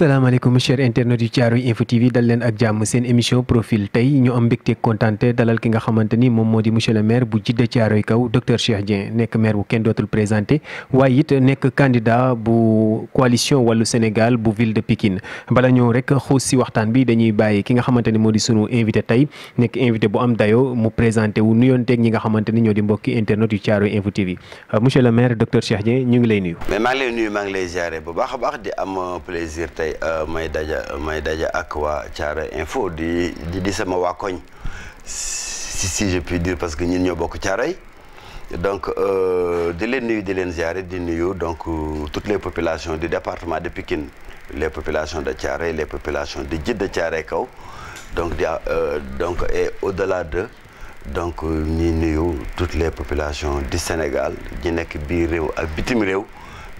salaamaaleykum chers internautes yu Caaroy Info TV dal leen ak jàmm seen émission profil tey ñu am mbégte kontante dalal ki nga xamante ni moom moo di monsieur le maire bu Djiddah Thiaroye Kaw docteur Cheikh Dieng nekk maire bu kenn dootul présenté waaye it nekk candidat bu coalition wala Sénégal bu ville de Pikine bala ñëw rek xuus si waxtaan bi dañuy bàyyi ki nga xamante ni moo di sunu invité tey nekk invité bu am dayo mu présenté wu nuyoonteeg ñi nga xamante ni ñoo di mbokki internautes yu Caaroy Info TV euh, monsieur le ñu ngi lay nuyu. maa ngi lay nuyu maa ngi lay ziare a Ndiaye euh, may daja may daja ak wa Thiaroye Info di di sama wa koñ si si je puis dire parce que ñun ñoo bokk Thiaroye donc euh, di len nuyu di len ziaré di nuyu donc euh, toutes les populations du département de Pikine les populations de Thiaroye les populations de Djiddah Thiaroye Kaw donc di donc et au-delà de donc ñi nuyu toutes les populations du Sénégal di nek biir réew ak bitim réew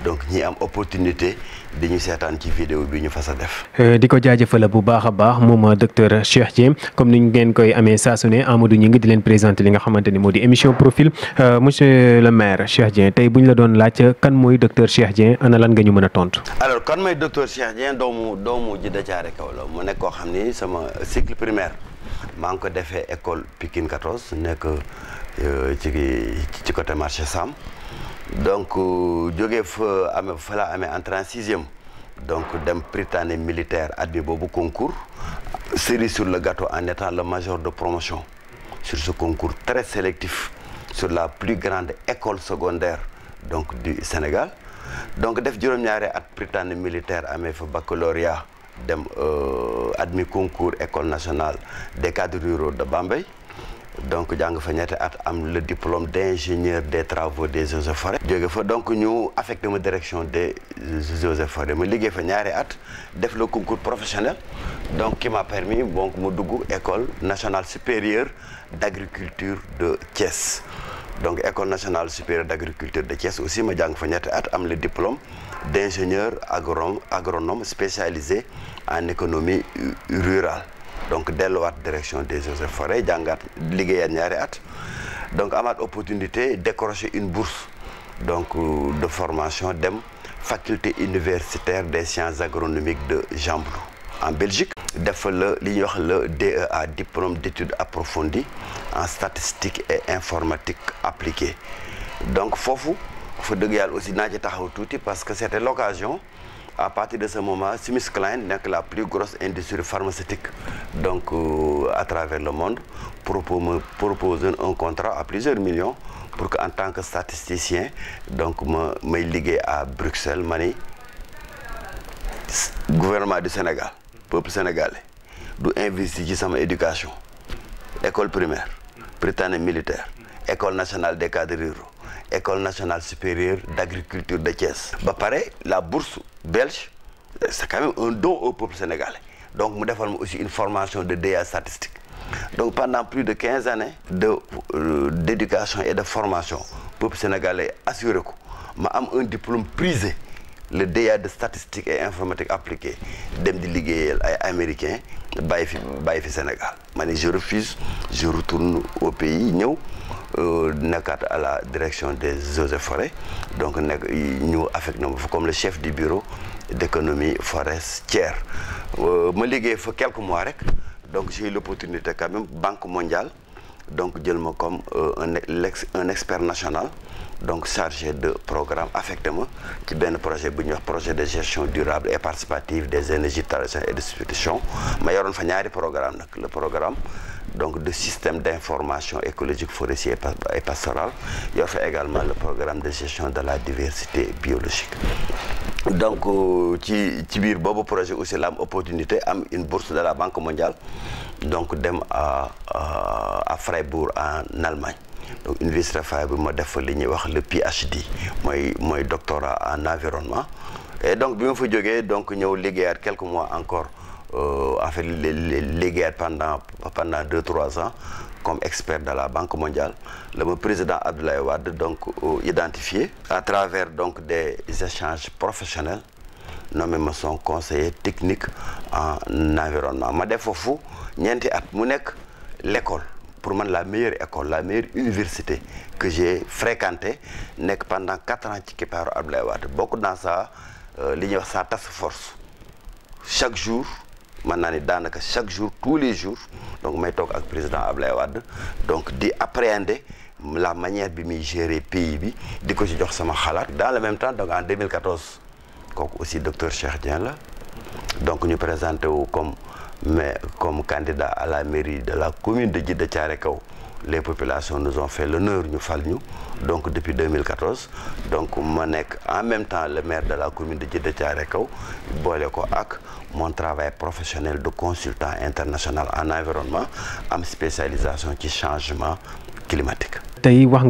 donc ñi am opportunité di ñu seetaan ci vidéo bi ñu fas a def. Euh, di ko jaajëfal bu baaxa baax moom docteur Cheikh Dieng comme niñu ngeen koy amé saa su Amadou ñi ngi di leen présenter li nga xamante modi émission profil euh monsieur le maire Cheikh Dieng tay buñ la doon laaj kan moy docteur Cheikh Dieng ana lan nga ñu mëna tontu. alors kan moy docteur Cheikh Dieng doomu doomu ji Thiaroye Kaw la mu nekk ko xamni sama cycle primaire maa ngi ko defee école Pikine 14 nekk euh, ci ci côté marché Sam donc euh, je suis amee en en sixième donc militaire at bobu concours série sur le gâteau en étant le major de promotion sur ce concours très sélectif sur la plus grande école secondaire donc du Sénégal donc def juróom-ñaari at prytanée militaire amee fa baccalauréat dem euh, admis concours école nationale des cadres ruraux de Bambay donc j'ai fa at am le diplôme d'ingénieur des travaux des eaux et forêts fa donc ñu affecté ma direction des eaux et forêts ma fait fa ñaari at def le concours professionnel donc qui m'a permis donc mu dugg école nationale supérieure d'agriculture de Thiès donc école nationale supérieure d'agriculture de Thiès aussi ma fait fa at am le diplôme d'ingénieur agronome spécialisé en économie rurale donc delluwaat direction des eaux et forêts jàngaat liggéeyaat ñaari at donc opportunité décrocher une bourse donc euh, de formation dem faculté universitaire des sciences agronomiques de jamblo en Belgique def y le DEA diplôme d'études approfondies en statistique et informatique appliquée donc faut fa vous aussi na ci taxaw parce que c'était l'occasion à partir de ce moment, Simis Klein n'est la plus grosse industrie pharmaceutique donc, euh, à travers le monde, propose, proposer un contrat à plusieurs millions pour qu'en tant que statisticien, donc, je me, ligué à Bruxelles, Mani, gouvernement du Sénégal, peuple sénégalais, d'investir dans éducation, école primaire, Britannique militaire, école nationale des cadres ruraux école nationale supérieure d'agriculture de Thiès. ba la bourse belge c'est quand même un don au peuple sénégalais donc nous vais aussi une formation de DA statistique donc pendant plus de 15 années de euh, d'éducation et de formation peuple sénégalais assuré que ma un diplôme prisé le DA de statistique et informatique appliquée dem di américains ay américain Sénégal je refuse je retourne au pays euh, à la direction des eaux forêts donc nous ñu comme le chef du bureau d'économie forestière euh, ma y fa quelques mois rek donc j'ai eu l'opportunité quand même Banque mondiale donc je comme euh, un expert national donc chargé de programme affectement qui donne un projet de gestion durable et participative des énergies et de substitution ma y fa ñaari programme le programme donc de système d'information écologique forestier et pastoral y a également le programme de gestion de la diversité biologique donc euh, ci ci bir projet aussi la opportunité une bourse de la Banque mondiale donc dem à à Freiburg en Allemagne donc une Faye bi ma def fa wax le PhD mooy mooy doctorat en environnement et donc bi ma fa jógee donc ñëw liggéeyaat quelques mois encore euh, en fait liggéeyaat pendant pendant deux trois ans comme expert de la Banque mondiale Le président Abdoulaye Wade donc euh, identifié à travers donc des échanges professionnels nommé ma son conseiller technique en environnement ma def foofu ñeenti at mu nekk l'école pour moi, la meilleure école la meilleure université que j'ai fréquenté que pendant quatre ans qui est par Wade dans ça, sa euh, li ñuy wax sa task force chaque jour maintenant, chaque jour tous les jours donc suis avec le président Abdoulaye Wade donc d'appréhender la manière bi gère gérer pays bi di ko ci jox dans le même temps donc en 2014 donc aussi docteur Cheikh donc nous présentons comme mais comme candidat à la mairie de la commune de Djidda les populations nous ont fait l'honneur, nous fallu, donc depuis 2014. Donc, Manek, en même temps, le maire de la commune de Djidda Tcharekau, Boleko Ak, mon travail professionnel de consultant international en environnement, en spécialisation qui changement climatique. am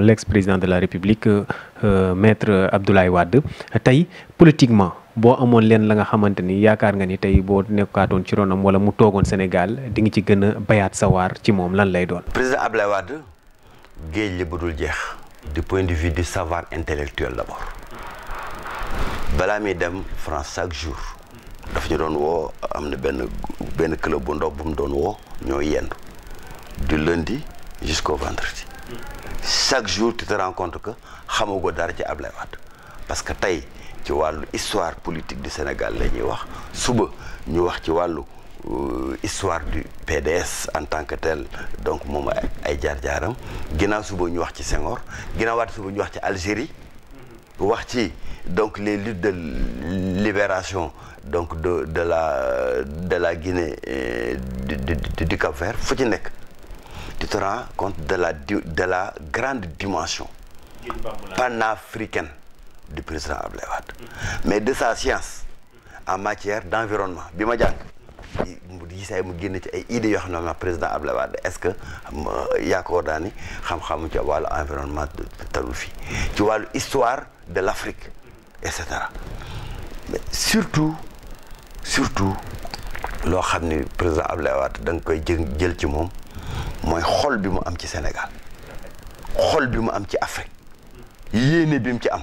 l'ex-président de la République euh, maître Abdoulaye Wade politiquement boo amoon leen la nga xamante ni yaakaar nga ni tey boo nekkaatoon ci ronam wala mu toogoon Sénégal di nga ci gën a bayaat sa waar ci moom lan lay doon. président Ablaye Wade géej li bu dul jeex. du point de vue du savoir intellectuel d'abord balaa muy dem France chaque jour daf ñu doon woo am na benn club bu ndaw bu mu doon woo ñoo yendu du lundi jusqu'au vendredi chaque jour tu te rends compte que xamagoo dara ci Ablaye Wade parce que tey. ci walu histoire politique du Sénégal la wax suba ñu wax ci walu euh, histoire du PDS en tant que tel donc moom ay jaar-jaaram ginnaaw suba ñu wax ci Senghor ginnaaw wat suba ñu wax ci Algérie wax ci donc les luttes de libération donc de de la de la Guinée euh, du Cap-Vert fu ci nek tu te rends compte de la de la grande dimension panafricaine du président Abdoulaye mais de sa science en matière d'environnement, Bima bi il jàng gisaay mu génn ci ay idées yoo président Abdoulaye est ce que yaakaar Dani, ni xam-xamu ci wàllu environnement talul fii ci wàllu histoire de l'Afrique, etc. et cetera mais surtout surtout lo xamni président Abdoulaye wat dang nga koy jël ci mom moy xol bi am ci Sénégal xol bi mu am ci Afrique yéene bi mu ci am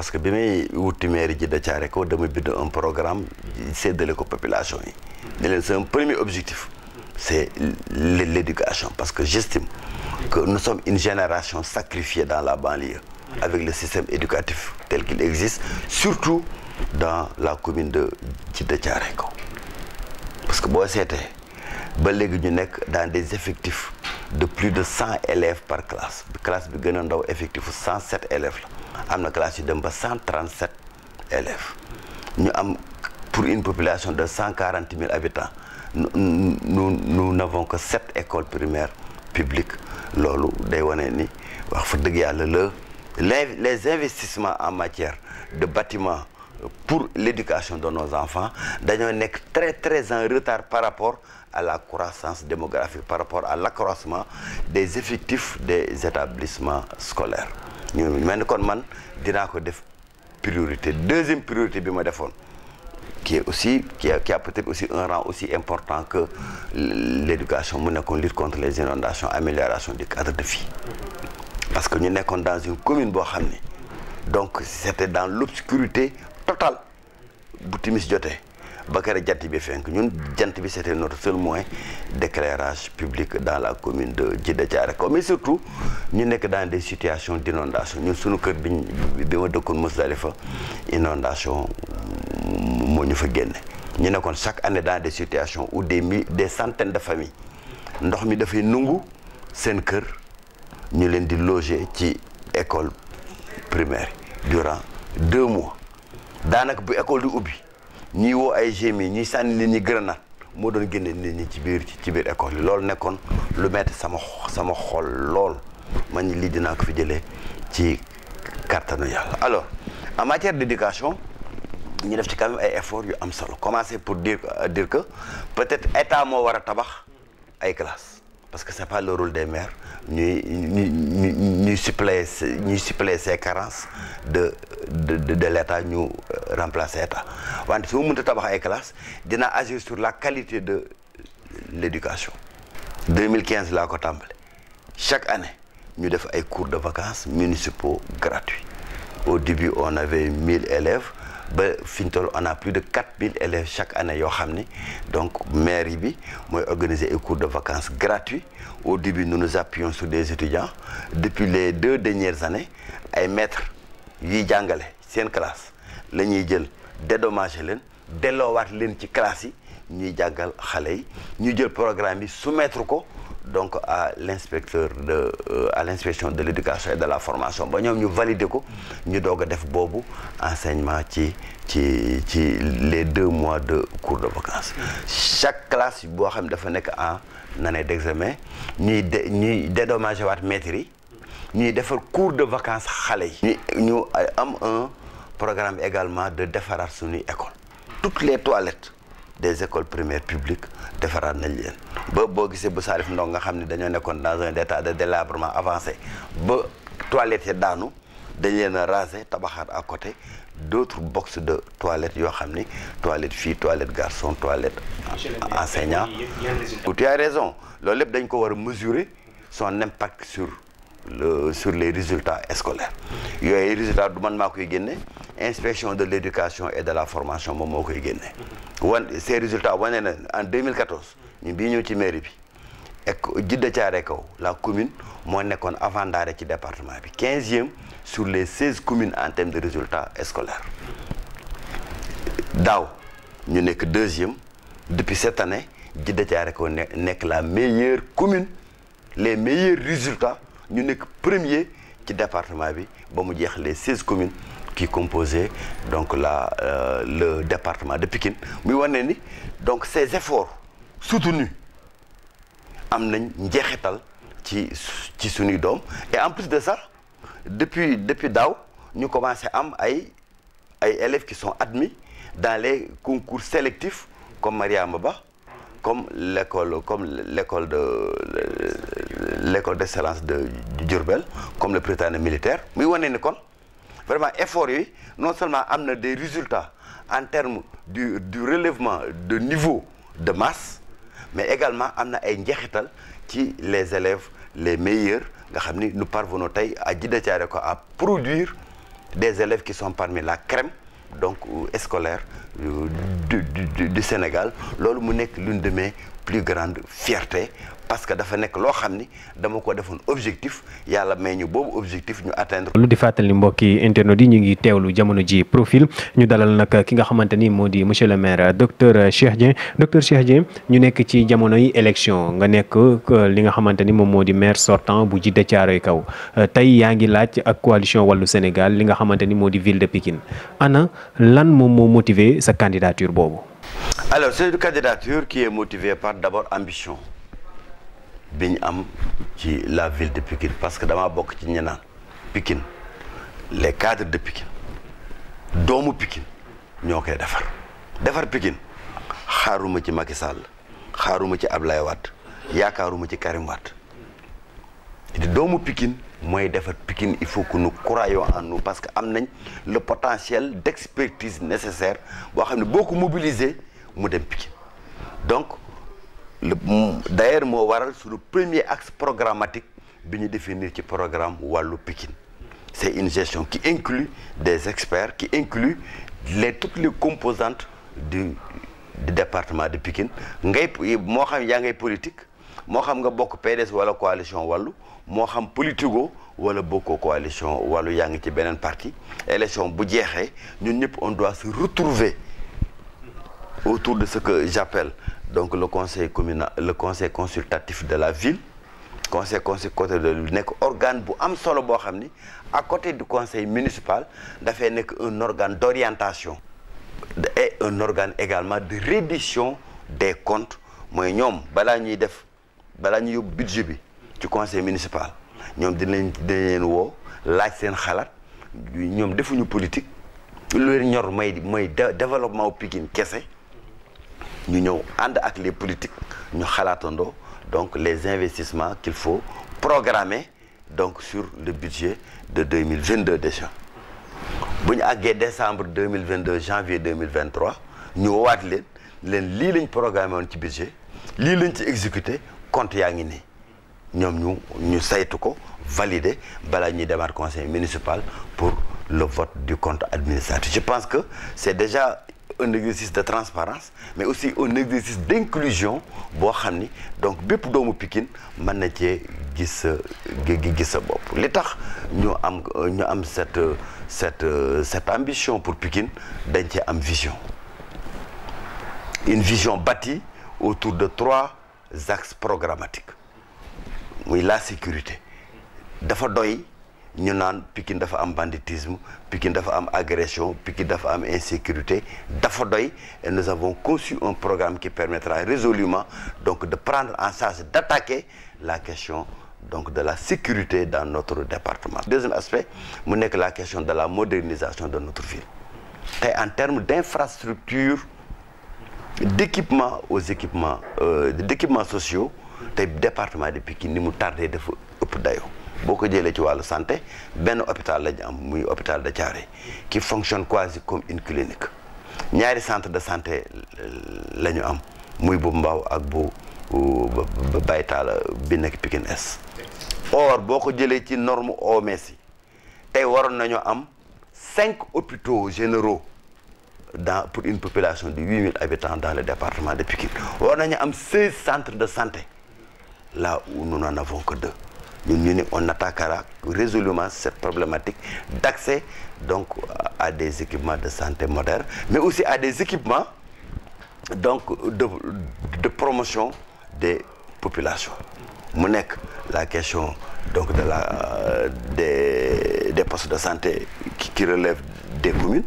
parce que bi wuti mairie de da un programme de ko population yi c'est un premier objectif c'est l'éducation parce que j'estime que nous sommes une génération sacrifiée dans la banlieue avec le système éducatif tel qu'il existe surtout dans la commune de Djidda parce que moi, c'était, ba dans des effectifs de plus de 100 élèves par classe classe bi gën effectif 107 élèves am classe de 137 élèves pour une population de 140 000 habitants nous n'avons que 7 écoles primaires publiques les investissements en matière de bâtiments pour l'éducation de nos enfants sont très très en retard par rapport à la croissance démographique par rapport à l'accroissement des effectifs des établissements scolaires nous mel man priorité deuxième priorité qui est aussi qui a, peut-être aussi un rang aussi important que l'éducation mu lutte contre les inondations amélioration du cadre de vie parce que nous sommes dans une commune de xamné donc c'était dans l'obscurité totale nous, keroog bi fenk ñun jant bi c'était notre seul moyen d'éclairage public dans la commune de Djeddah mais surtout ñu sommes dans des situations d'inondation Nous, suñu kër biñ situations où nous inondation mo ñu fa chaque année dans des situations où des centaines de familles ndox mi fay nungu sen kër ñu leen di loger ci école primaire durant deux mois dans bu école Oubi. ubi. ñiy woo ay gémi ñiy sànni nit ñi grenade moo doon génne nit ñi ci biir ci biir école yi loolu nekkoon lu metti sama sama xol lool man lii dinaa ko fi jëlee ci kàttanu yàlla alors en matière d'éducation ñu def ci quand ay efforts yu am solo commencer pour dire euh, dire que peut-être état moo war a tabax ay classes parce que ce n'est pas le rôle des maires nous ñuy suppléer ces carences de de de de l'état euh, remplacer l'État. Si vous ma à tabax ay classes agir sur la qualité de l'éducation 2015 chaque année nous def des cours de vacances municipaux gratuits au début on avait 1000 élèves on a plus de 4000 élèves chaque année donc mairie moi, organisé cours de vacances gratuits au début nous nous appuyons sur des étudiants depuis les deux dernières années les maîtres c'est classe la classe yi ñuy classe, programme soumettre donc à l'inspecteur de euh, à l'inspection de l'éducation et de la formation ba ñom ñu valider ko ñu doga enseignement ci ci les deux mois de cours de vacances chaque classe bo xam dafa nek année d'examen ni de ñuy wat maîtrise ñi ni cours de vacances nous avons ñu un programme également de défarar une école toutes les toilettes des écoles primaires publiques de nañ leen ba boo gisee bu Salif Ndong nga dans un état de délabrement avancé ba toilettes dans daanu des liens a raser à côté d'autres boxes de toilettes yoo xam toilettes filles, toilettes garçons, toilettes enseignants. tu as raison loolu lépp dañ ko mesurer son impact sur le sur les résultats scolaires yooyu résultats du man maa koy génne inspection de l'éducation et de la formation moom moo koy ces résultats en 2014 nous à mairie et la commune est avant d'arrêter le département. 15e sur les 16 communes en termes de résultats scolaires. nous sommes 2e Depuis cette année, nous sommes la meilleure commune, les meilleurs résultats. Nous sommes premiers dans le département. pour les 16 communes qui composait donc la, euh, le département de Pikine ni donc ces efforts soutenus ont nañ njeexital qui ci et en plus de ça depuis depuis nous nous commençons à ay élèves qui sont admis dans les concours sélectifs comme maria Mba comme l'école comme l'école de l'école d'excellence de durbel comme le prétendu militaire on ni kon vraiment effort non seulement amener des résultats en termes du du relèvement de niveau de masse mais également amener un ay qui les élèves les meilleurs nous parvenons à à produire des élèves qui sont parmi la crème donc euh, scolaire euh, du du du Sénégal l'une de mes plus grandes fiertés parce que dafa nek lo xamni dama ko defon objectif yalla may ñu boobu objectif ñu atteindre. lu di fàttali mbokki internet yi ñu ngi tewlu jamono ji profil ñu dalal nak ki nga xamanteni modi monsieur le maire docteur Cheikh Dieng docteur Cheikh Dieng ñu nek ci jamono yi élection nga nek euh, li nga xamanteni mom modi maire sortant bu Djiddah Thiaroye Kaw euh, tey yaa ngi laaj ak coalition walu Sénégal li nga xamanteni modi ville de Pikine ana lan mom mo motiver sa candidature bobu alors c'est une candidature qui est motivée par d'abord ambition. bi am ci la ville de Pikine parce que damaa bokk ci ñi naan Pikine les cadres de Pikine doomu Pikine ñoo koy defar defar Pikine xaaruma ci Macky Sall xaaruma ci Ablaye Wade yaakaaruma ci Karim Wade doomu Pikine mooy defar Pikine il faut que nu croyons en nous parce que am nañ le potentiel d'expertise nécessaire boo xam ne boo ko mobiliser mu dem Pikine donc le d'ailleurs moi, waral le premier axe programmatique bi définir le programme Walu pékin c'est une gestion qui inclut des experts qui inclut les toutes les composantes du département de Pékin moi je suis politique moi xam nga bokk PDS la coalition moi je suis politico wala bokkoo coalition Walu, la coalition ci beneen parti élection bu jeexee ñun on doit se retrouver autour de ce que j'appelle donc le conseil communal le conseil consultatif de la ville conseil conseil consultatif, de l'organe, organe bu am à côté du conseil municipal dafay un organe d'orientation et un organe également de reddition des comptes Nous ñom bala ñuy budget bi conseil municipal ñom dinañ dinañ leen wo laaj seen xalat ñom defuñu politique lu ñor développement au Pikine nous avons des les politiques nous avons donc les investissements qu'il faut programmer donc sur le budget de 2022 déjà bu ñu décembre 2022 janvier 2023 nous avons les leen lii lañ le budget les lañ ci exécuté compte Nous nous nii valider par conseil municipal pour le vote du compte administratif je pense que c'est déjà un exercice de transparence mais aussi un exercice d'inclusion donc bépp doomu Pikine mën na gis sa cette cette cette ambition pour Pékin dañ une vision une vision bâtie autour de trois axes programmatiques la sécurité dafa doy nous banditisme nous avons conçu un programme qui permettra résolument donc de prendre en charge d'attaquer la question donc de la sécurité dans notre département. Deuxième aspect mu la question de la modernisation de notre ville en termes d'infrastructures, d'équipements, aux équipements euh, d'équipements sociaux le département de Pékin nous mu tardé Beaucoup de jëlee ci santé il hôpital a un hôpital de Thiaroye qui fonctionne quasi comme une clinique ñaari centre de santé euh, la ñu am muy bu Mbao ak bu Baytaala bi or beaucoup de gens ci norme OMS yi tey nañu cinq hôpitaux généraux pour une population de 8000 habitants dans le département de Pikine On nañu am centres de santé là où nous n'en avons que deux nous, on attaquera résolument cette problématique d'accès donc à des équipements de santé modernes mais aussi à des équipements donc de promotion des populations la question donc de la des postes de santé qui, relèvent des communes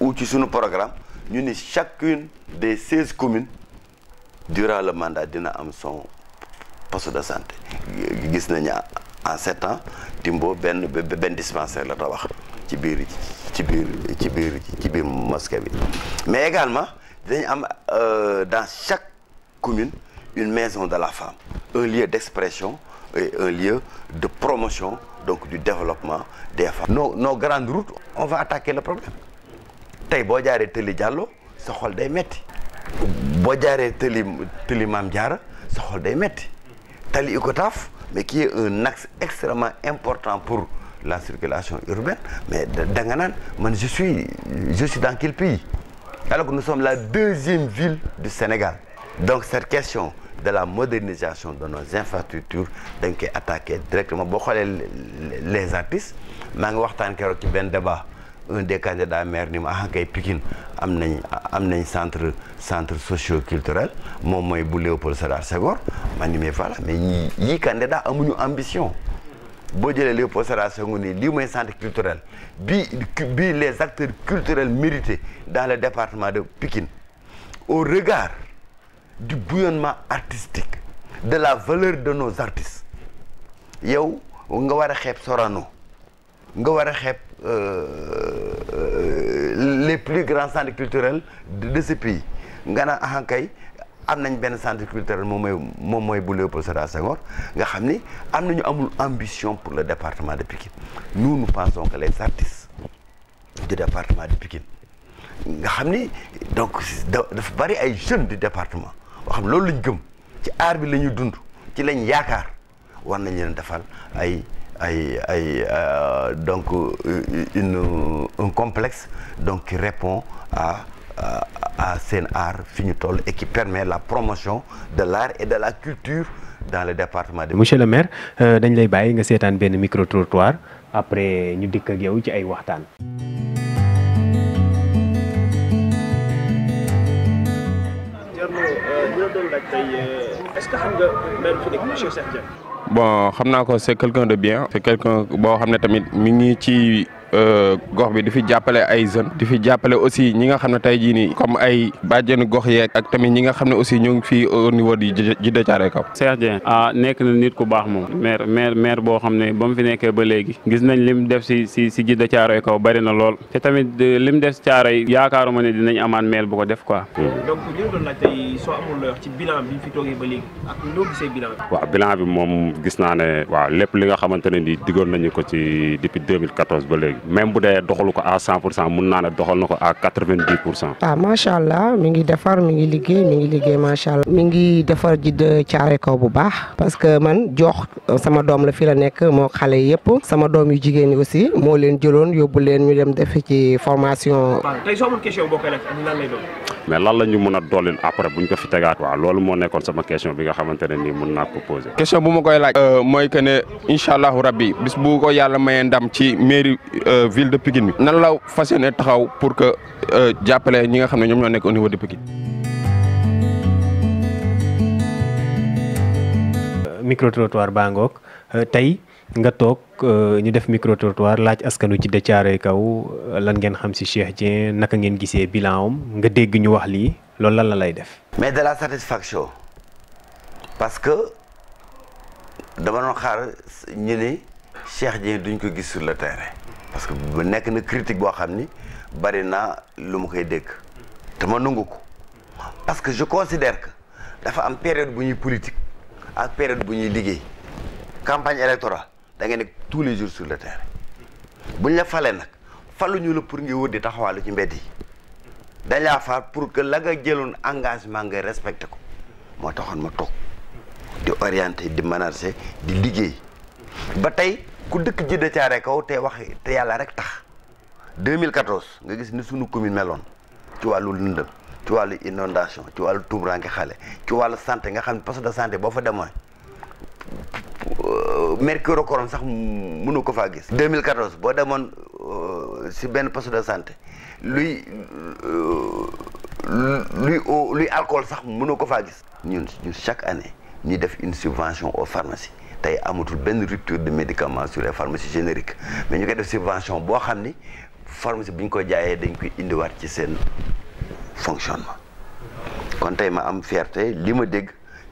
où tu ou ci programme nous, chacune des 16 communes durant le mandat d'une am son poste de santé en sept ans Timbo ben ben dispensaire la tabax ci biir ci biir ci mais également euh, dans chaque commune une maison de la femme un lieu d'expression et un lieu de promotion donc du développement des femmes nos nos grandes routes on va attaquer le problème Tay boo jaaree Tëli Diallo sa xol day metti boo jaaree Teli Tëli ça, Jaara sa xol day metti Tali mais qui est un axe extrêmement important pour la circulation urbaine. Mais Danganan, je suis, je suis dans quel pays Alors que nous sommes la deuxième ville du Sénégal. Donc cette question de la modernisation de nos infrastructures donc est attaquée directement. les artistes, je suis en débat un des candidats maire ni ma hankay Pikine centre centre socio-culturel mom moy bu Léopold Sédar Senghor man ni me voilà mais ce candidat candidat amuñu ambition bo jëlee Léopold Sédar Senghor nii centre culturel bi bi les acteurs culturels mérités dans le département de Pikine au regard du bouillonnement artistique de la valeur de nos artistes yow nga wara xép Sorano nga war a euh, euh, les plus grands centres culturels de ce pays nga naan ah kay am centre culturel moom mooy moom mooy pour Léopold Sédar Senghor nga xam ni amul ambition pour le département de Pikine nous nous pensons que les artistes du département de Pikine nga donc dafa bari ay jeunes du département Gaham xam loolu lañ gëm ci aar bi la ñu dund ci lañ yaakaar war nañ leen ay euh, donc euh, une un complexe donc qui répond à à seen aar toll et qui permet la promotion de l'art et de la culture dans le département de. monsieur le maire euh, dañ lay baye nga sétane ben micro trottoir après ñu dikk ak yow ci ay waxtaan. est-ce que vous avez maire fi M. monsieur bon xam naa ko c'est quelqu'un de bien c'est quelqu'un boo xam ne tamit mi ngi ci Euh, gox bi di fi jàppale ay jeunes di fi jàppale aussi ñi nga xam ne tey jii nii comme ay bàjjenu gox yeeg tamit ñi nga xam ne aussi ñu ngi fii au niveau di Djiddah Thiaroye Kaw. Cheikh Dieng a ah, nekk na nit ku baax moom maire maire maire boo xam ne ba mu fi nekkee ba léegi gis nañ lim def si si si Djiddah Thiaroye Kaw bari na lool te tamit lim def si Thiaroye yaakaaruma ne dinañ amaat maire bu ko def quoi. Hmm. donc ñu doon laaj tey soo bi moom gis naa ne waaw lépp li nga xamante ne nii digoon nañu ko ci depuis 2014 ba léegi même bu dee doxalu ko à 100 cent mun naa ne doxal na ko à 90 pour cent. ah macha allah mi ngi defar mi ngi liggéey mi ngi liggéey macha allah. mi ngi defar ji caare kaw bu baax parce que man jox sama doom la fi la nekk moo xale yëpp sama doom yu jigéen yi aussi moo leen jëloon yóbbu leen ñu dem defe ci formation. mais lan la ñu mën a dollil après bu ñu ko fi tegaat waaw loolu moo nekkoon sama question bi nga xamante ni nii mën naa ko posé. question bu ma koy laaj euh, mooy que ne incha allahu rabbi bis bu ko yàlla mayee ndam ci mairie euh, ville de Pikine bi nan la fas yéene taxaw pour que euh, jàppale ñi nga xam ne ñoom ñoo nekk au niveau de Pikine. micro trottoir baa ngoog tey nga toog euh, ñu def micro trottoir laaj askanu ci décaare kaw euh, lan ngeen xam si Cheikh Dieng naka ngeen gisee bilan nga dégg ñu wax lii loolu lan la lay def. mais de la satisfaction parce que dama doon xaar ñu ne Cheikh Dieng duñ ko gis sur le terrain parce que nekk na critique boo xam ni bari naa lu ma koy dégg te ma nangu parce que je considère que dafa am période bu ñuy politique ak période bu ñuy liggéey campagne électorale. da ngay nekk tous les jours sur le bu ñu la falee nag falu ñu la pour nga wër di taxawaalu ci mbedd yi dañ laa faat pour que la nga jëloon engagement nga respecté ko moo taxoon ma toog di orienté di menacé di liggéey ba tey ku dëkk ji de caare kaw te wax te yàlla rek tax deux mille 2014 nga gis ni sunu commune meloon ci wàllu lëndëm ci wàllu inondation ci wàllu tumuraanke xale ci wàllu santé nga xam ne poste de santé boo fa demoon mercure au sax mënu ko faa gis. 2014 c'est demone si ben poste de santé Lui, luy euh, lui alcool sax mënu ko chaque année nous def une subvention aux pharmacies tay amatul ben rupture de médicaments sur les pharmacies génériques mais nous koy def subvention bo xamni ni pharmacie bi ko jaayé dañ koy wat ci sen fonctionnement quand tay ma am fierté me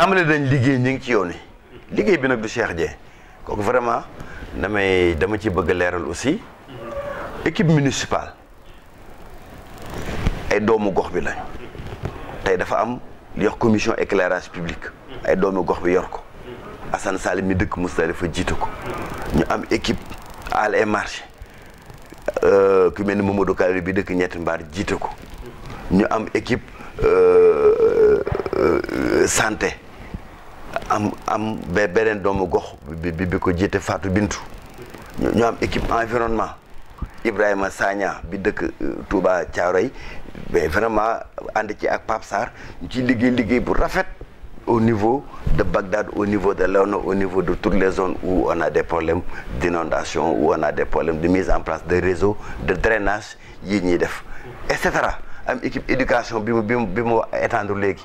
tàmbali dañ liggéey ñu ngi ci yoon liggéey bi nag du Cheikh Dieng kooku vraiment damay dama ci bëgg leeral aussi équipe municipale ay doomu gox bi la tey dafa am li wax commission éclairage public ay doomu gox bi yor ko Assane mi dëkk Moustapha jiite ko ñu am équipe àll et marché euh, ku mel ni Mamadou Kalil bi dëkk ñetti mbaar jiite ko ñu am équipe euh, euh, santé am am ba beneen doomu gox bi bi ko jité Fatou Bintou ñu am équipe environnement Ibrahima Sanya, bi est euh, Touba Thiaroye mais vraiment and ci ak Pape sar ñu ciy liggéey bu rafet au niveau de Bagdad au niveau de Léona au niveau de toutes les zones où on a des problèmes d'inondation où on a des problèmes de mise en place de réseaux de drainage etc. Une def et cetera équipe d'éducation qui est bi étendre léegi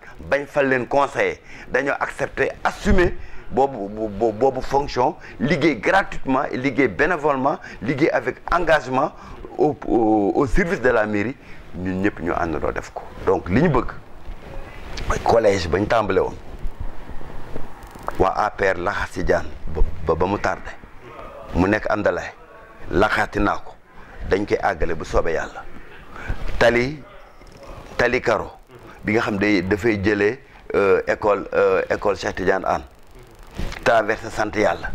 bagn fal leen conseiller dañu accepter assumer bobu boobu fonction liguer gratuitement liguer bénévolement liguer avec engagement au au service de la mairie ñun ñep ñu and def ko. donc liñu bëgg collège bagn tambalé won wa waa APR la si ba ba mu tardé mu nek andalé la naa dañ koy agalé bu soobee yalla tali tali karo. bi nga xam day dafay jëlee euh, école euh, école Cheikh Tidiane Anne traversé sant yàlla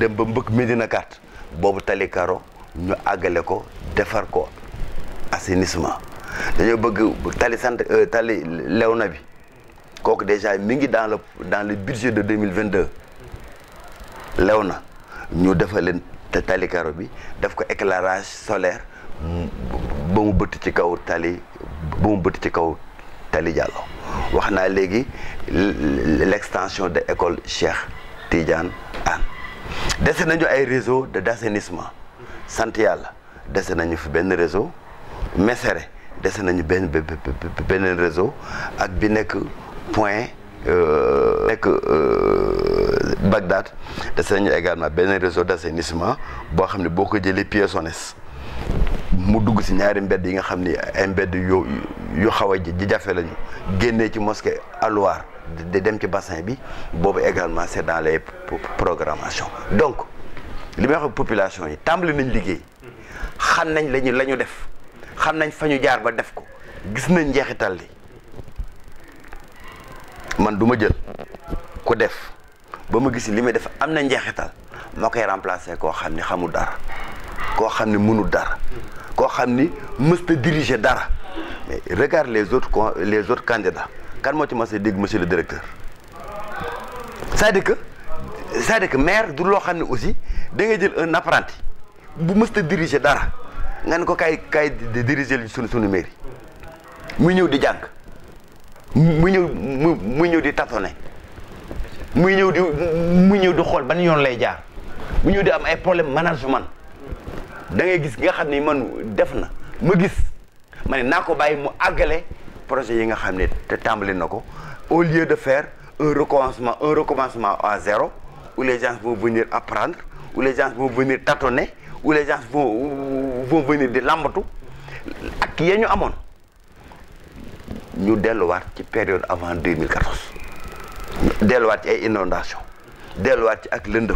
dem ba mbëkk Médina carte boobu tali karo ñu àggale ko defar ko assainissement dañoo bëgg tali sant euh, tali Léona bi kooku déjà mi ngi dans le dans le budget de 2022 Léona ñu defal leen tali karo bi def ko éclairage solaire ba mu bëtt ci kaw tali ba mu bëtt ci kaw Tali Diallo wax l'extension de école Cheikh Tidiane Anne Dessé nañu ay réseau de d'assainissement Sante Yalla, dessé nañu fi ben réseau Mesere dessé nañu ben benn réseau ak bi nek point euh nek euh Bagdad dese nañu également ben réseau d'assainissement bo xamné boko boo ko jëlee mu dugg ci ñaari mbedd yi nga xamné ni ay mbedd yo yu xaw a ji jafe lañu génnee ci mosquée Al-Ouar dem ci bassin bi boobu également c' est dans les programmations donc li may wax population yi tàmbali nañ liggéey xam nañ lañu la def xam nañ fa ñu jaar ba def ko gis nañ njeexital li man duma jël ku def ba ma gis li may def am na njeexital moo koy remplacer koo xam ni xamul dara koo xam ni mënul dara koo xam ni mësta diriger dara mais regarde les autres les autres candidats Quand moi, mas monsieur le directeur c'est-à-dire que cest dire maire du aussi un apprenti bu diriger dara ne ko kay diriger le maire. mairie di Il di di management da gis nga je ne naa projet au lieu de faire un recommencement un recommencement à zéro où les gens vont venir apprendre où les gens vont venir tâtonner où les gens vont vont venir tout. làmbatu qui est-ce Nous ñu delluwaat ci période avant 2014 avons ci ay inondation nous ci ak une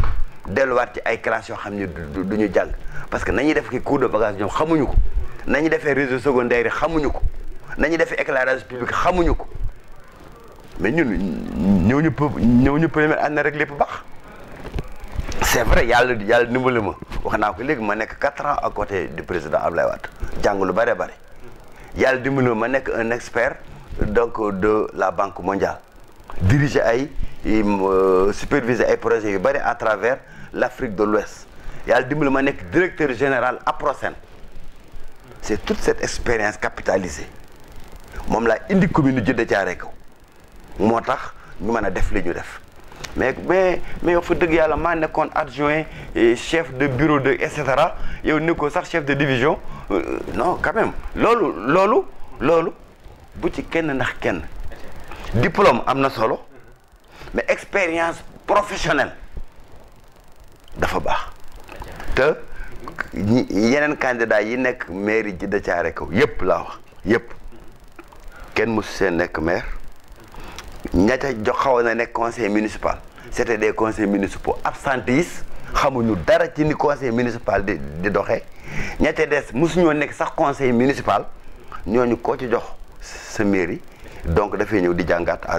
delluwaat ci ay classes une xam du parce que avons def des cours de bagage ñoom xamuñu ko nañu fait réseau secondaire nous xamuñu fait nañu éclairage public xamuñu fait mais ñun ñëw ñu nous, ne pouvons année régler lépp baax c'est vrai il y a le wax naa ko ma ans à côté du président Ablaye Wade Il lu a le yàlla dimbali ma un expert donc de la banque mondiale Dirigé ay euh, superviser ay projet yu à travers l'Afrique de l'Ouest yàlla dimbali je suis directeur général Procène c'est toute cette expérience capitalisée mon la indi commune de de Kaw moo tax ñu mën def li ñu def mais mais mais wax fa dëgg yàlla ne nekkoon adjoint chef de bureau de et cetera yow niko sax chef de division euh, non quand même Lolu lolu lolu bu ci kenn ndax kenn diplôme amna solo mais expérience professionnelle dafa bax. te ñi yeneen candidat yi nekk mairie ji da caare kaw yëpp laa wax yëpp kenn mosu seen nekk maire ña jox xaw na nekk conseil municipal c'était des conseils municipaux absentéistes xamuñu dara ci ni conseil municipal di doxe doxee ña ca des mosuñoo nekk sax conseil municipal ñooñu ko ci jox sa mairie donc dafay ñëw di jàngaat à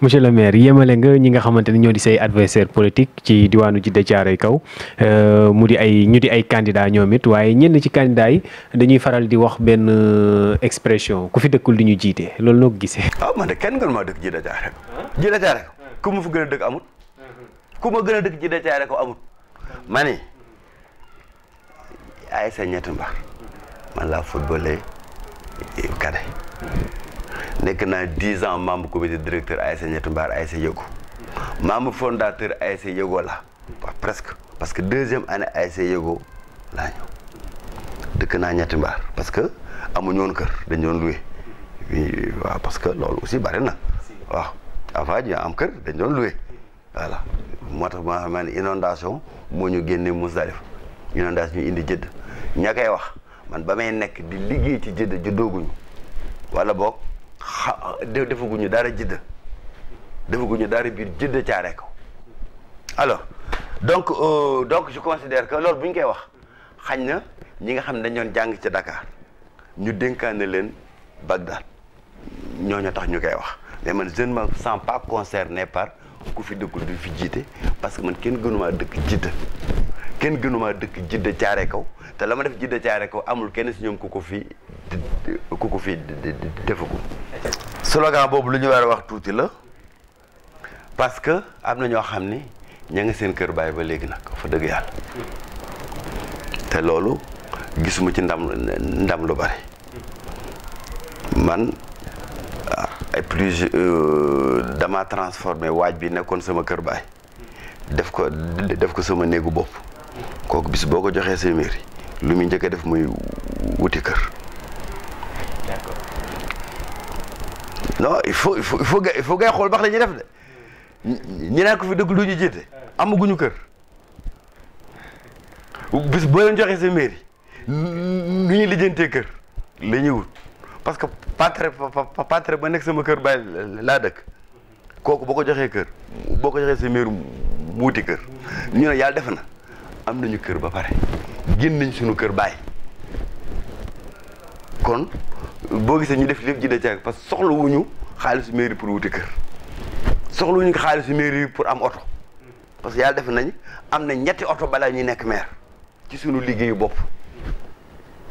monsieur le maire yemale nga ñi nga xamante ne ñoo di say adversaire politique ci diwaanu Djiddah Thiaroye Kaw euh, mu di ay ñu di ay candidat ñoom waaye ñenn ci candidat yi dañuy faral di wax benn euh, expression ku fi dëkkul di ñu jiite loolu noo ko gisee. ah man de kenn gën maa dëkk Djiddah Thiaroye Kaw. ma fa gën a dëkk amut. ku gën a dëkk Djiddah Thiaroye ay sa ñetti mbaar man laa footballé kade nekk naa dix ans membre comité directeur ASC Ñetti Mbaar ASC Yëgu membre fondateur ASC Yëgoo la wax presque parce que deuxième année ASC Yëgoo laa dëkk naa Ñetti Mbaar parce que amuñu woon kër dañ doon loué parce que loolu aussi bari na waaw avant am kër dañ doon loué voilà moo tax ma xam moo ñu génne Mousdalifa inondation ñu indi jëdd ña koy wax man ba may nekk di liggéey ci jëdd juddooguñu wala boog xa defaguñu dara jidda defaguñu dara biir jidda caaree ko alors donc euh, donc je considère que lool bu ñu koy wax xañ na ñi nga xam ne dañ jàng ci Dakar ñu dénkaane leen ñoo ñooñu tax ñu koy wax mais man je ne me sens pas concerné par ku fi dëkkul du fi jiite parce que man kenn gënumaa dëkk jidda kenn gënumaa dëkk jidda caaree kaw te la ma def jidda caare kaw amul kenn si ñoom ku ko fi ku ko fi defagul slogan boobu lu ñu war a wax tuuti la parce que am na ñoo xam ni ña ngi seen kër bàyyi ba léegi nag fa dëgg yàlla te loolu gisuma ci ndam ndam lu bari man ay ah, plus euh, dama transformé waaj bi nekkoon sama kër baay def ko def ko sama néegu bopp kooku bis boo ko joxee sa miir lu muy njëkk a def muy wuti kër non il faut il faut il xool baax la ñuy def de ñi naa ko fi dëgg lu ñu jiite amaguñu kër bis boo leen joxee sa mairie nu ñuy lijjantee kër la ñuy wut parce que patre patre ba nekk sama kër bàyyi laa dëkk kooku boo ko joxee kër boo ko joxee sa mairie mu wuti kër ñu ne yàlla def na am nañu kër ba pare génn nañ suñu kër bàyyi kon boo gisee ñu def lépp ji da càgg parce que soxla wuñu xaalisu mairie pour wuti kër soxla wuñu xaalisu mairie pour am oto parce que yàlla def nañ am na ñetti oto balaa ñuy nekk maire ci suñu liggéeyu bopp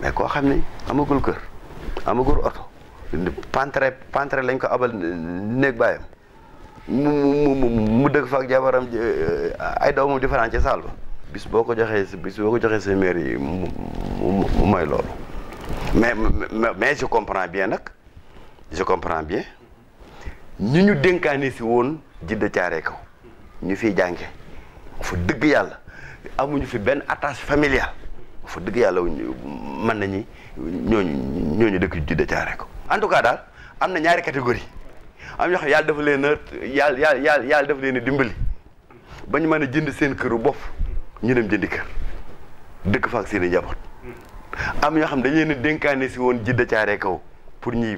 mais koo xam ne amagul kër amagul oto pantre pantre lañ ko abal néeg bàyyam mu mu mu dëkk jabaram euh, ay doomam différent ci bis boo ko joxee bis boo ko joxee sa maire yi mu may loolu mais je comprends bien je comprends bien Nous ñu sommes si woon jidda Nous sommes ñu sommes jànge fa dëgg amuñu fi attache familiale fa dëgg yàlla mën ñooñu dëkk de en tout cas nous avons une catégorie Nous avons une dafa avons a catégorie. Nous avons une dafa Nous avons dimbali catégorie. Nous avons une jënd seen këru ñu am yoo xam dañ leen a dénkaane si woon jidda caaree kaw pour ñi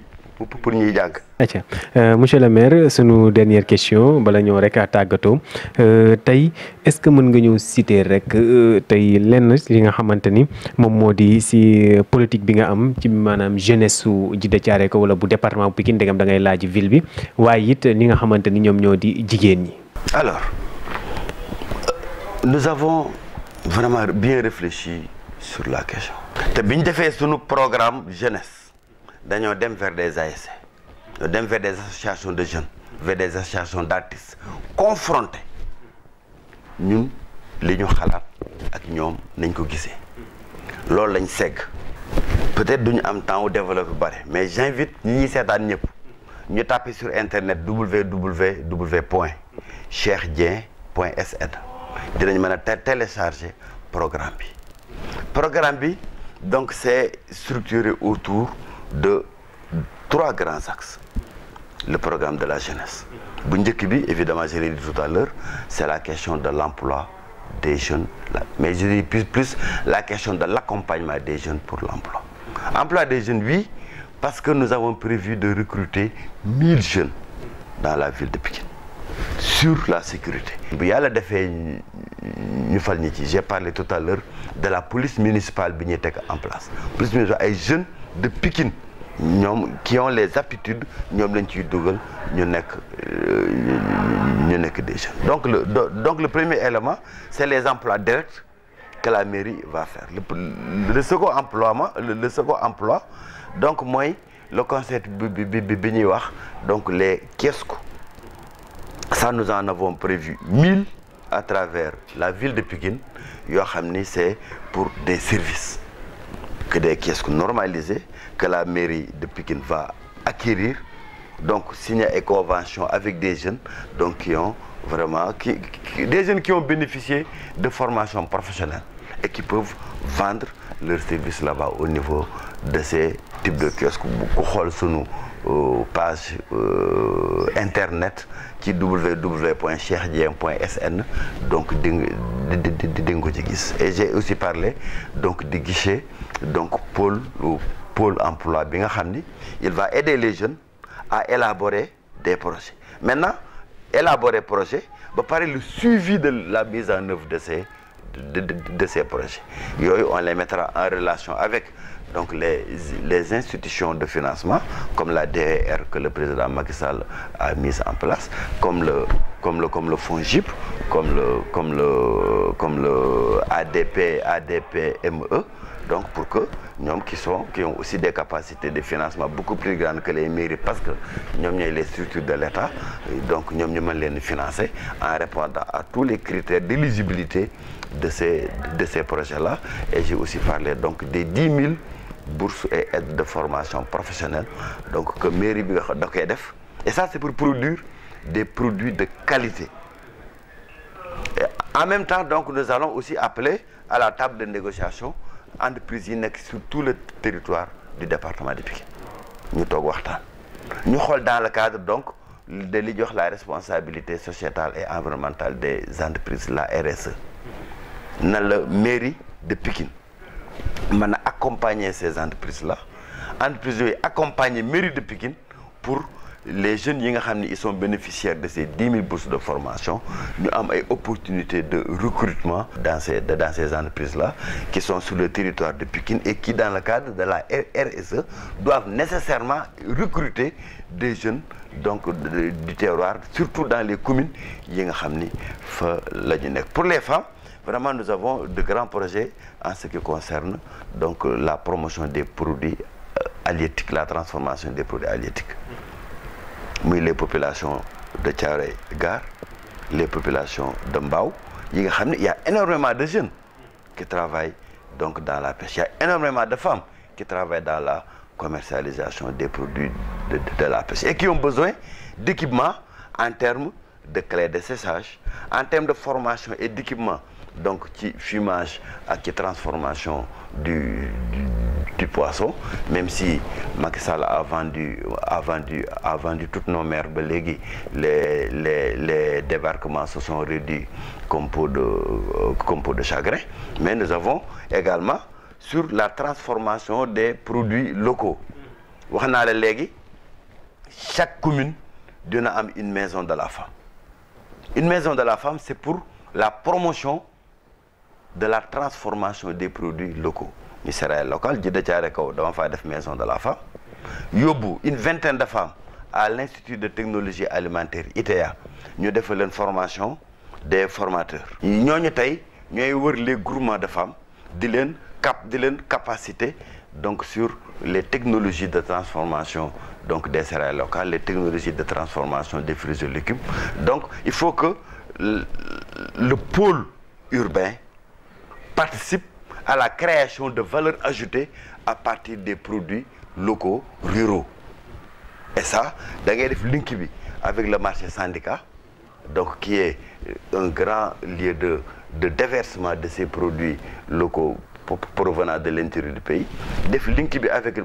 pour ñuy jàng. atia euh, monsieur le maire sunu dernière question bala ñëw rek a tàggatoo euh, tey est-ce que mën nga ñëw citer rek euh, tey lenn li nga xamante ni moom moo di si politique bi nga am ci maanaam jeunesse su Djiddah Thiaroye Kao wala bu département bu Pikine ndegam da ngay laaj ville bi waaye it li nga xamante ni ñoom ñoo di jigéen ñi. alors nous avons vraiment bien réfléchi sur la question. te biñ defee suñu programme jeunesse On dem vers des ASC On dem vers des associations de jeunes vers des associations d'artistes nous ñun li nous, xalaat ak nous nañ ko gisee loolu lañ peut-être pas am temps de développer, mais j'invite ñi ñuy seetaan ñëpp taper sur internet www Nous allons télécharger le télécharger programme Le programme donc c'est structuré autour de trois grands axes. Le programme de la jeunesse. Bunjekibi, évidemment, je l'ai dit tout à l'heure, c'est la question de l'emploi des jeunes, mais je dis plus, plus la question de l'accompagnement des jeunes pour l'emploi. Emploi des jeunes, oui, parce que nous avons prévu de recruter 1000 jeunes dans la ville de Pékin sur la sécurité j'ai parlé tout à l'heure de la police municipale qui en place police municipale jeunes de Pékin qui ont les aptitudes qui ont les donc le premier élément c'est les emplois directs que la mairie va faire le, second emploi donc moi, le concept donc les kiosques ça nous en avons prévu 1000 à travers la ville de Pékin c'est pour des services que des kiosques normalisés que la mairie de Pékin va acquérir donc signer une convention avec des jeunes donc qui ont vraiment des jeunes qui ont bénéficié de formation professionnelle et qui peuvent vendre leurs services là-bas au niveau de ces types de kiosques euh, page euh, internet qui www.cherdien.sn donc et j'ai aussi parlé donc du guichet donc pôle pôle emploi bien nga il va aider les jeunes à élaborer des projets maintenant élaborer projet va parler le suivi de la mise en œuvre de ces de, ces projets on les mettra en relation avec donc les, les, institutions de financement, comme la DER que le président Macky Sall a mise en place, comme le, comme le, comme le comme le, comme le, comme le ADP, me donc pour que nous qui sont qui ont aussi des capacités de financement beaucoup plus grandes que les mairies parce que nous avons les structures de l'État donc nous avons les en répondant à tous les critères d'éligibilité de ces de ces projets là et j'ai aussi parlé donc des 10 000 bourse et aide de formation professionnelle donc que mairie bi et ça c'est pour produire des produits de qualité en même temps donc nous allons aussi appeler à la table de négociation entreprises inex sur tout le territoire du département de Pikine Nous sommes dans le cadre donc de la responsabilité sociétale et environnementale des entreprises la RSE dans la mairie de Pékin man accompagner ces entreprises là entreprises mairie de Pékin pour les jeunes yi sont bénéficiaires de ces 10 000 bourses de formation Nous avons une opportunité de recrutement dans ces entreprises là qui sont sur le territoire de Pékin et qui dans le cadre de la RSE doivent nécessairement recruter des jeunes donc du terroir surtout dans les communes yi nga pour les femmes Vraiment, nous avons de grands projets en ce qui concerne donc, la promotion des produits euh, halieutiques, la transformation des produits halieutiques. Mais les populations de Tcharé gar les populations de Mbao, il y a énormément de jeunes qui travaillent donc, dans la pêche. Il y a énormément de femmes qui travaillent dans la commercialisation des produits de, la pêche et qui ont besoin d'équipements en termes de clés de cessage, en termes de formation et d'équipements donc qui fumage à transformation du, poisson même si Macky a vendu a vendu a vendu toutes nos merbes les débarquements se sont réduits comme pour de comme de chagrin mais nous avons également sur la transformation des produits locaux chaque commune donne une maison de la femme une maison de la femme c'est pour la promotion de la transformation des produits locaux Les céréales locales j'ai déjà Kaw dama faa def maison de la femme Yobu, une vingtaine de femmes à l'institut de technologie alimentaire nous avons fait une formation des formateurs nous avons fait les groupements de femmes di ont cap di capacité donc sur les technologies de transformation donc des céréales locales les technologies de transformation des fruits et légumes donc il faut que le pôle urbain à la création de valeur ajoutée à partir des produits locaux ruraux et ça link avec le marché syndicat donc qui est euh, un grand lieu de déversement de ces produits locaux provenant de l'intérieur du pays def link bi avec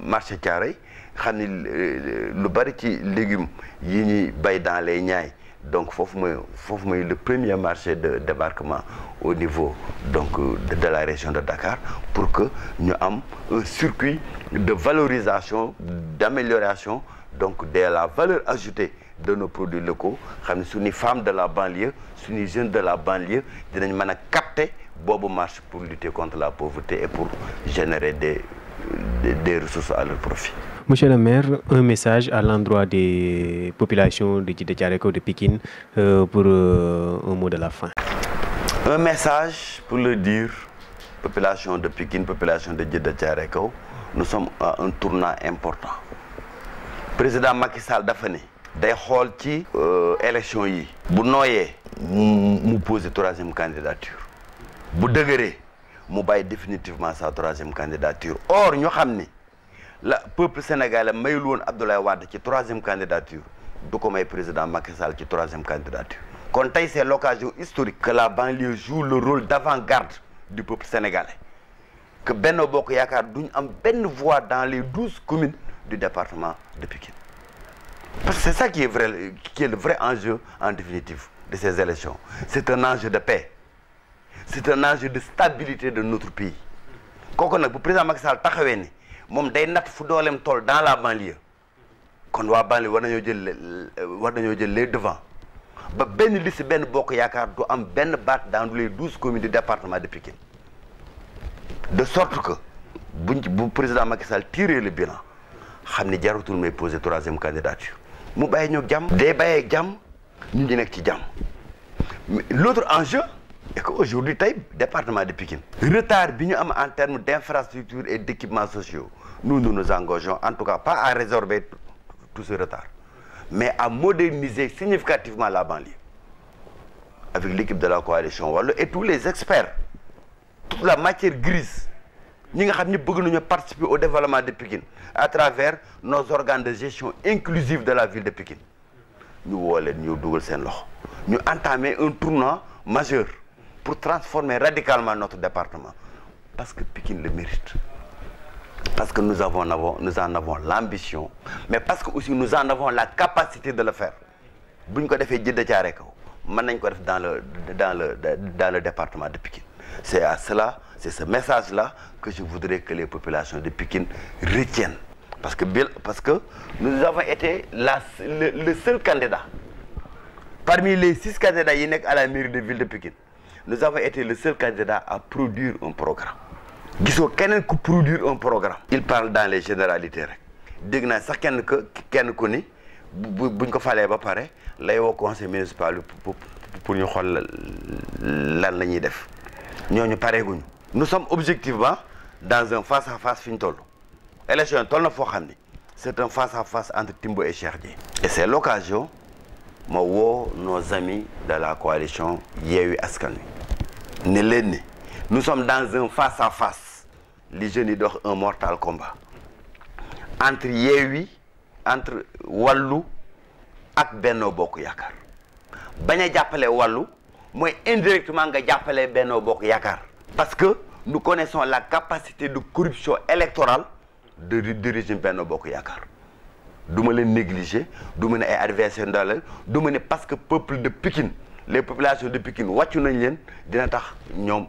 marché carré le ni euh, lu légumes yi ni dans les niais donc faut que nous le premier marché de débarquement au niveau de la région de Dakar pour que nous ayons un circuit de valorisation d'amélioration donc de la valeur ajoutée de nos produits locaux Nous sommes femmes de la banlieue les jeunes de la banlieue dinañ avons capter marche marché pour lutter contre la pauvreté et pour générer des ressources à leur profit Monsieur le maire, un message à l'endroit des populations de Djidetiareko, de Pékin, euh, pour euh, un mot de la fin. Un message pour le dire, population de Pékin, population de Djidetiareko, nous sommes à un tournant important. président Macky Sall dafa day euh, élection yi bu nous mu troisième candidature bu dëgëree nous définitivement sa troisième candidature or nous savons le peuple sénégalais mayul woon Abdoulaye Wade la troisième candidature du le président Macky Sall la troisième candidature kon c'est l'occasion historique que la banlieue joue le rôle d'avant-garde du peuple sénégalais que Benno Bokk Yakar duñ am voix dans les douze communes du département de Pékin. parce que c'est ça qui est vrai qui est le vrai enjeu en définitive de ces élections c'est un enjeu de paix c'est un enjeu de stabilité de notre pays on a le président Macky Sall mom day nat fu dolem tol dans la banlieue kon waa banlieue war nañoo jël war nañu jël les devant ba ben liste ben bokk yakar du am ben bat dans les douze communes du département de Pikine de sorte que buñ bu président Macky Sall tiré le bilan xamni ne jarutul may poser troisième candidature mu bàyyi ñoo jàmm. day bàyyee jam, ñu di nek ci jam. l'autre enjeu Aujourd'hui, le département de Pékin retard en termes d'infrastructures et d'équipements sociaux nous nous nous engageons en tout cas pas à résorber tout ce retard mais à moderniser significativement la banlieue avec l'équipe de la coalition et tous les experts toute la matière grise nous nga participer au développement de Pékin à travers nos organes de gestion inclusive de la ville de Pékin. Nous voulons nous un tournant majeur pour transformer radicalement notre département. Parce que Pékin le mérite. Parce que nous, avons, nous en avons l'ambition, mais parce que aussi nous en avons la capacité de le faire. Si nous avons fait dans le, dans le, dans le département de Pékin. C'est à cela, c'est ce message-là que je voudrais que les populations de Pékin retiennent. Parce que, parce que nous avons été le, seul candidat parmi les six candidats à la mairie de ville de Pékin nous avons été le seul candidat à produire un programme Il keneen qui produire un programme il parle dans les généralités Il dégg naa sax qui ko kenn ku ni bu buñ ko falee ba pare lay conseil municipal pour ñu xool lan la nous sommes objectivement dans un face à face fin élection c'est un face à face entre Timbo et Cheikh et c'est l'occasion pour nos amis de la coalition Yewwi Askan nous sommes dans un face à face les jeunes y un mortal combat entre Yewi, entre Wallou et Beno Bokk Yakar. bañ Wallou, moi indirectement nga Beno appeler parce que nous connaissons la capacité de corruption électorale de du régime Bokuyakar. Bokk Yaakaar négliger nous adversaire parce que le peuple de Pékin, les populations de Pékin, euh,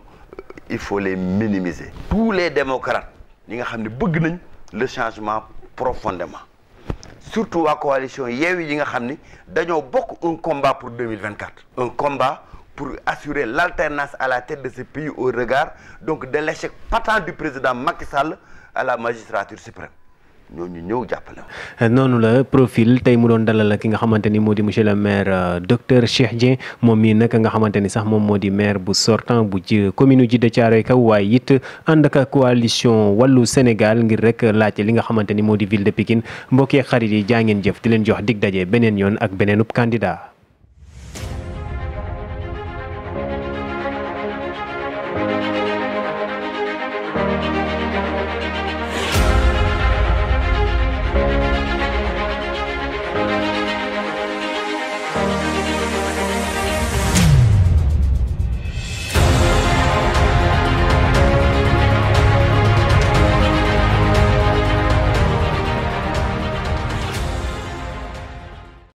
il faut les minimiser tous les démocrates ils ont le changement profondément surtout la coalition ils yi nga un combat pour 2024 un combat pour assurer l'alternance à la tête de ce pays au regard donc de l'échec patent du président Macky Sall à la magistrature suprême ñooñu ñëw jàppale eh, noonu la profil tey mu doon dalal ki nga xamante ni moo di monsieur le maire euh, docteur Cheikh Dieng moom mii nag nga xamante ni sax moom moo di maire bu sortant bu ji commune ji de Thiaroye Kaw waaye it ànd ak coalition wàllu Sénégal ngir rek laajte li nga xamante ni moo di ville de Pikine mbokkee xarit yi jaa ngeen jëf di leen jox dig dajee beneen yoon ak beneenub candidat.